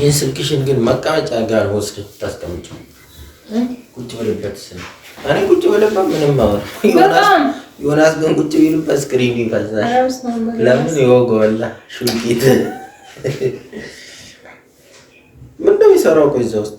ይህን ስልክሽን ግን መቀመጫ ጋር ወስድ ታስቀምጭ። ቁጭ ብልበት ስል እኔ ቁጭ ብልበት ምንም አወራ። ዮናስ ግን ቁጭ ቢልበት ስክሪን ይፈዛል። ለምን የወጎላ ሹጌት ምን ነው የሚሰራው? ቆይ እዛ ውስጥ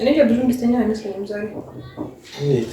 እኔ ብዙ ደስተኛ አይመስለኝም ዛሬ እንዴት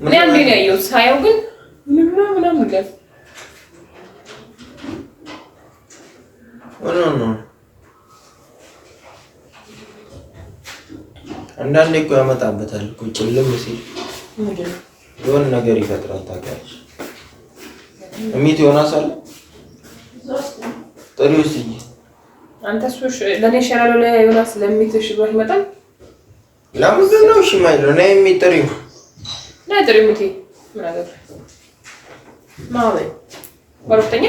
እኔ አንዴ ነው ያየሁት። ሳየው ግን ምንም ምናምን ይላል። አንዳንዴ እኮ ያመጣበታል እኮ ጭልም ሲል የሆነ ነገር ይፈጥራል። ታውቂያለሽ እሚት የሆነ አሳለ ጥሪው ስኝ አንተ እሱ ለእኔ ሸራሎ ላይ ሆናስ ለሚት ሽባት መጣል ለምንድን ነው ሽማይሎ ና የሚጥሪው ላደርሙት ምናገር ማመን ወረፍተኛ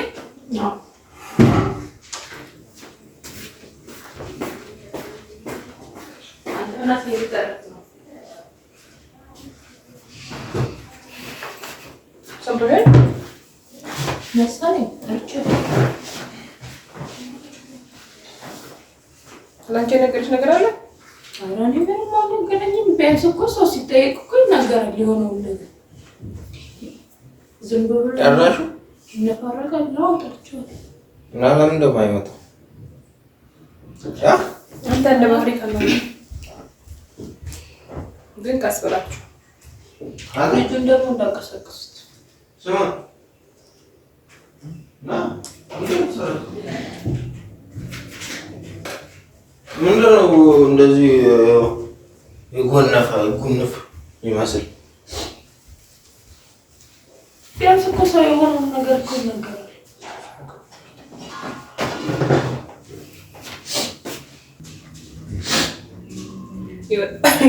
ለአንቺ የነገረች ነገር አለ? ኧረ እኔ ምንም አልነገረኝም። ቢያንስ እኮ ሰው ሲጠየቅ ይናገራል። የሆነውን ነገር ዝም ብሎ ጨራሹ ይነፋረቃል። አውጣቸዋለሁ እና ለምን እንደማይመጣ አንተ እንደ ማፍሪካ ነው ግን ካስበላችሁ ልጁን ደግሞ እንዳቀሰቅሱት ምንድነው እንደዚህ የጎነፋ የጉንፍ ይመስል ቢያንስ እኮ ሰው የሆነውን ነገር እኮ ይነገራል።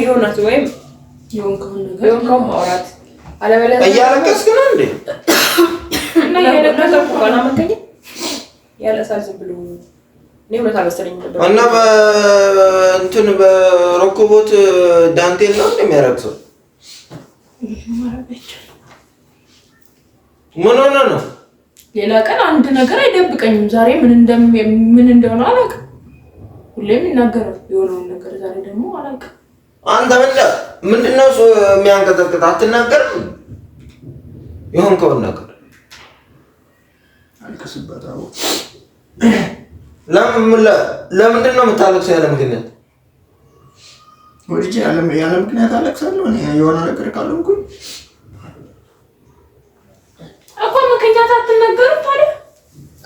የሆናት ወይም የሆንከውን ማውራት አለበለዚያ እያለቀስክ ነው እንዴ? እና እያለቀሰ በኋላ መተኛ ያለሳል ዝም ብሎ እና በእንትን በሮኮቦት ዳንቴል ነው እንደሚያረግሰው ምን ሆነ ነው? ሌላ ቀን አንድ ነገር አይደብቀኝም። ዛሬ ምን እንደም ምን እንደሆነ አላውቅም። ሁሌም ይናገራል የሆነውን ነገር። ዛሬ ደግሞ አላውቅም። አንተ ምንድን ምንድነው የሚያንቀጠቅጥ? አትናገርም? የሆንከውን ነገር ለምንድን ነው የምታለቅሰው? ያለ ምክንያት ወልጄ ያለ ምክንያት አለቅሳለሁ። የሆነ ነገር ካለምኩኝ እኮ ምክንያት አትነገሩ። ታዲያ።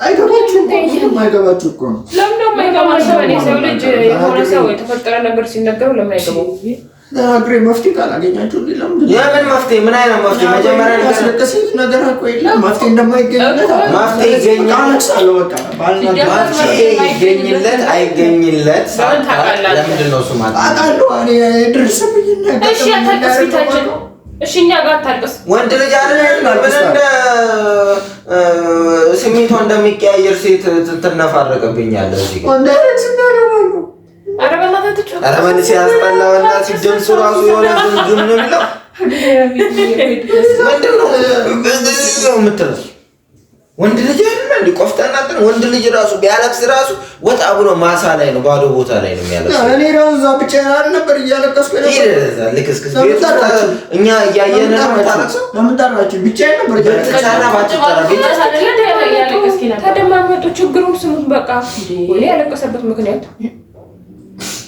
አይገባችሁም፣ የማይገባችሁ እኮ ነው። ለምን ደግሞ አይገባችሁ? ሰው ልጅ የሆነ ሰው የተፈጠረ ነገር ሲነገሩ ለምን አይገባው? አግሬ መፍትሄ ካላገኛችሁ የምን መፍትሄ? ምን አይነት መፍትሄ? መጀመሪያ ያስለቀሰኝ ነገር እኮ የለም መፍትሄ እንደማይገኝለት መፍትሄ ይገኝለት አይገኝለት ለምንድን ነው አውቃለሁ። እኔ እሺ፣ አታልቅስ ነው እሺ፣ እኛ ጋር አታልቅስ። ወንድ ልጅ ምን እንደ እንደሚቀያየር ሴት ትነፋረቅብኛለህ እዚህ ጋር ኧረ መልስ ያስጠላ። በእናትሽ ድምፁ ራሱ የሆነ ዝም ነው የሚለው። ምንድን ነው የምትለው? ወንድ ልጅ እንደ ቆፍጠን ወንድ ልጅ ራሱ ቢያለቅስ ራሱ ወጣ ብሎ ማሳ ላይ ነው፣ ባዶ ቦታ ላይ ነው የሚያለቅስ። እኛ እያየን ነበር። ችግሩም ስሙት በቃ ያለቀሰበት ምክንያት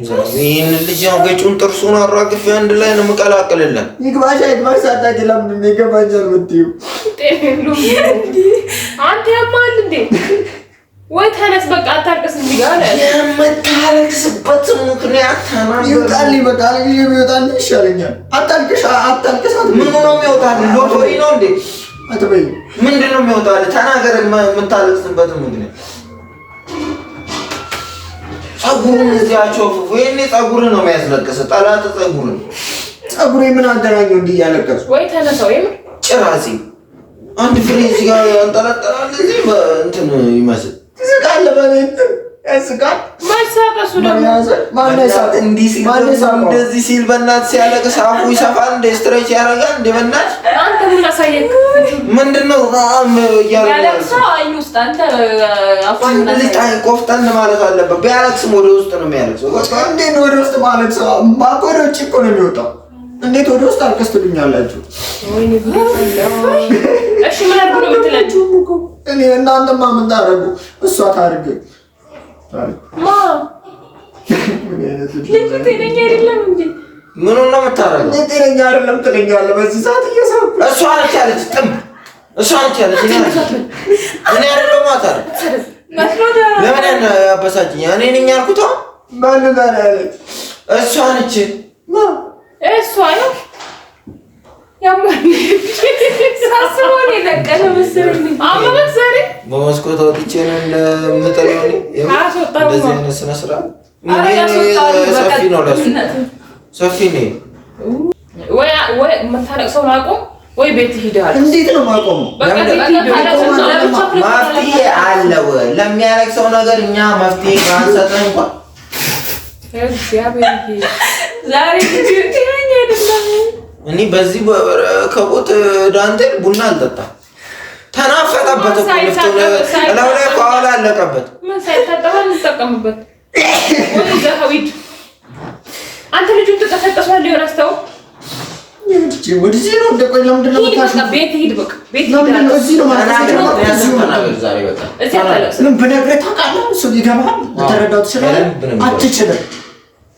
ይህን ልጅ ያው ገጩን ጥርሱን አራግፌ አንድ ላይ ነው የምቀላቅልለን። ይግባሽ አይግባሽ ሳታቂ ለምን ይገባኛል ብትዩ አንተ ያማል እንዴ? ወይ ተነስ በቃ አታርቅስ እንጂ የምታለቅስበት ምክንያት ይውጣል። ይበቃል ጊዜ ይወጣል ይሻለኛል። አታልቅሽ አታልቅስ። ምን ነው የሚወጣል? ሎቶሪ ነው እንዴ? አትበይ። ምንድን ነው የሚወጣል? ተናገር የምታለቅስበት ምክንያት ጸጉሩን እዚያቸው ወይኔ ጸጉር ነው የሚያስለቅስ። ጠላት ጸጉር ነው ጸጉር ምን አገናኘው? እንዲህ እያለቀሱ ወይ ተነሳው የምር ጭራሴ አንድ ፍሬ እዚህ ጋር ያንጠለጠላል። እዚህ እንትን ይመስል ትዝቃለህ በእኔ እንትን እንደዚህ ሲል በእናትህ ሲያለቅስ አፉ ይሰፋል፣ እንደ ስትሬች ያደርጋል። እንደ በእናትህ ምንድን ነው ቆፍጠን ማለት አለበት። ቢያለቅስም ወደ ውስጥ ነው የሚያለቅሰው። እንዴት ወደ ውስጥ ማለት ሰው ወደ ውጭ እኮ ነው የሚወጣው። እንዴት ወደ ውስጥ ትሉኛላችሁ? እሺ እናንተማ ምን ታደርጉ? እሷ ታድርግ ልጁ ጤነኛ ነው ጤነኛ አይደለም ትለኛለህ። በዚህ ሰዓት አለች ያለች ጥምብ እሷ አለች ያለች እኔ አይደለሁም ለምን ያን አበሳጭኝ? እኔ ነኝ ያልኩት እሷ እሷ ነው ያማ ሳስበው እኔ ለቀለ መሰለኝ አመመት ዛሬ በመስኮት ወጥቼ ነው እንደምጠለው እንደዚህ አይነት ስነ ስርዓት ሰፊ ነው ለሱ ሰፊ ነው ወይ መታረቅ ሰው ማቆም ወይ ቤት ሂደሃል። እንዴት ነው ማቆሙ? መፍትሄ አለው ለሚያለቅሰው ነገር እኛ መፍትሄ ባንሰጠ እንኳን ዛሬ እኔ በዚህ ከቦት ዳንቴል ቡና አልጠጣ ተናፈጠበት እላው ላይ ከኋላ አለቀበት። አንተ ልጁ ተቀሰቀሷል። የሆነ ወደዚህ ነው እንደቆይ ለምንድን ነው ቤት ሂድ፣ በቃ ቤት ሂድ። ብነግርህ ታውቃለህ፣ ይገባሃል፣ ልትረዳው ትችላለህ፣ አትችልም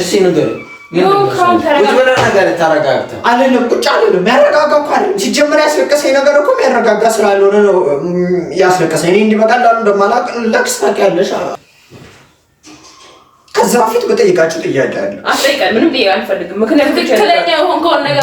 እሺ ንገረኝ። ቁጭ አይደለም ያረጋጋ ያስለቀሰኝ ነገር እኮ የሚያረጋጋ ስላልሆነ ነው ያስለቀሰኝ። እኔ እንዲህ በቀላሉ እንደማላውቅ ለቅስ ታውቂያለሽ። ከዛ በፊት በጠይቃችሁ ጥያቄ አለ። ምንም ጥያቄ አልፈልግም። ምክንያቱም ትክክለኛ የሆንከውን ነገር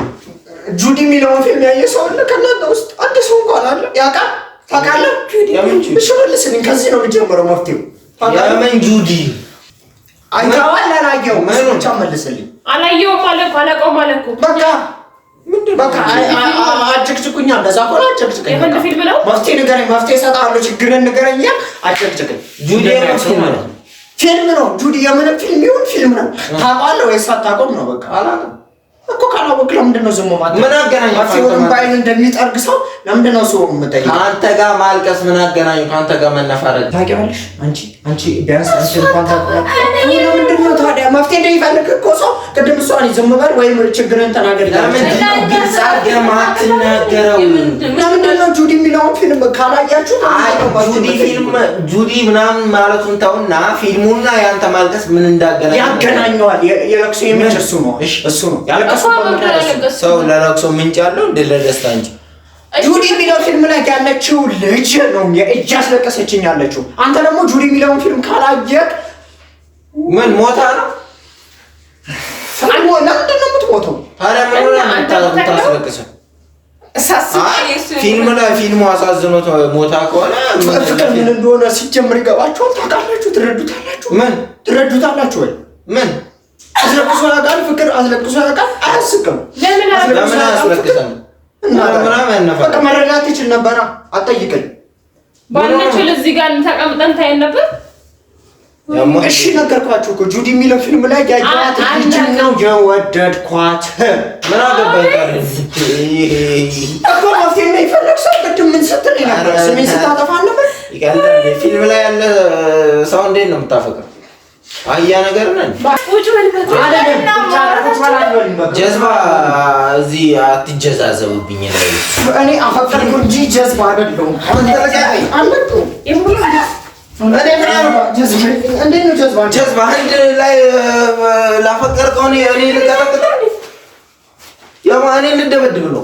ጁዲ የሚለውን ፊልም ያየ ሰው አለ? ከእናንተ ውስጥ አንድ ሰው እንኳን አለ? ያቃ ታውቃለህ? እሺ መልስልኝ። ከዚህ ነው የሚጀምረው መፍትሄው። የምን ጁዲ አይተዋል? አላየኸውም? ብቻ መልስልኝ። አላየኸውም አለ እኮ አላውቀውም አለ እኮ በቃ በቃ አጨቅጭቁኝ። በዛ እኮ ነው አጨቅጭቁኝ። መፍትሄ ንገረኝ፣ መፍትሄ እሰጥሃለሁ፣ ችግርን ንገረኝ። አጨቅጭቁኝ። ጁዲ ፊልም ነው ጁዲ። የምንም ፊልም ይሁን ፊልም ነው። ታውቀዋለህ ወይስ አታውቀውም ነው? በቃ አላውቅም እኮ ካላወቅ ለምንድን ነው ዝም ማለት? ምን አገናኝ? እንደሚጠርግ ሰው ለምንድን ነው ሰው ከአንተ ጋር ማልቀስ ምን አገናኘው? ከአንተ ጋር መነፋረድ ታውቂዋለሽ። አንቺ አንቺ ቢያንስ አንቺ እንኳን ምንድን ነው ታዲያ መፍትሄ እንደሚፈልግ እኮ ሰው ቅድም እሷን ወይም ችግርን ተናገር። ለምንድን ነው ጁዲ የሚለውን ፊልም ካላያችሁ ጁዲ ፊልም ጁዲ ምናምን ማለቱን ተውና ፊልሙና የአንተ ማልቀስ ምን እንዳገናኘው ያገናኘዋል። የለቅሶ እሱ ነው እሱ ነው ያለቀሱ ሰው ለለቅሶ ምንጭ ያለው እንደ ለደስታ እንጂ ጁዲ የሚለውን ፊልም ላይ ያለችው ልጅ ነው እጅ አስለቀሰችኝ ያለችው። አንተ ደግሞ ጁዲ የሚለውን ፊልም ካላየህ ምን ሞታ ነው? ለምንድን ነው የምትሞተው? ፊልም ላይ ፊልሙ አሳዝኖት ሞታ ከሆነ ፍቅር ምን እንደሆነ ሲጀምር ይገባችኋል። ታውቃላችሁ፣ ትረዱታላችሁ። ምን ትረዱታላችሁ ወይ ምን አስለቅሶ ያውቃል? ፍቅር አስለቅሶ ያውቃል? አያስቅም። ለምን አስለቅሰ በቃ መረዳት ትችል ነበረ። አጠይቀኝ ባለችል እዚህ ጋር ተቀምጠን ታየን ነበር። እሺ ነገርኳችሁ እኮ ጁዲ የሚለው ፊልም ላይ ያየኋት ልጅም ነው የወደድኳት። ምን አገባኝ እኮ መፍትሄ ሰው ቅድም ምን ስትል ነበር? ስሜን ስታጠፋ ነበር። ፊልም ላይ ያለ ሰው እንዴት ነው የምታፈቅረው? አያ ነገር ነን ጀዝባ እዚህ አትጀዛዘቡብኝ። ላይ እኔ አፈቀርኩ እንጂ ጀዝባ አይደለሁም። ጀዝባ አንድ ላይ ላፈቀርከው እኔ ልቀጠቅጥ፣ እኔ ልደበድብ ነው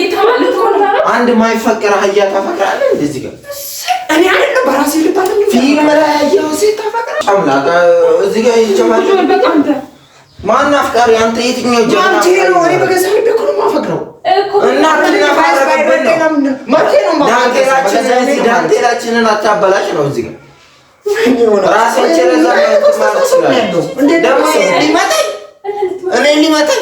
አንድ ማይፈቅር አህያ ታፈቅራለህ? እንደዚህ ጋር እኔ አይደለም በራሴ ልታለም ፊልም ላይ ያየው ሴት ታፈቅራለህ? አምላክ እዚህ ጋር ይጀምራል። ማን አፍቃሪ? አንተ የትኛው ጀምራ? አንተ ነው። እኔ በገዛ ልቤ እኮ ነው የማፈቅረው። ዳንቴላችንን አታበላሽ ነው እዚህ ጋር ራሴን ችለዛ ነው። እንዴት ደግሞ እኔ ሊመጣኝ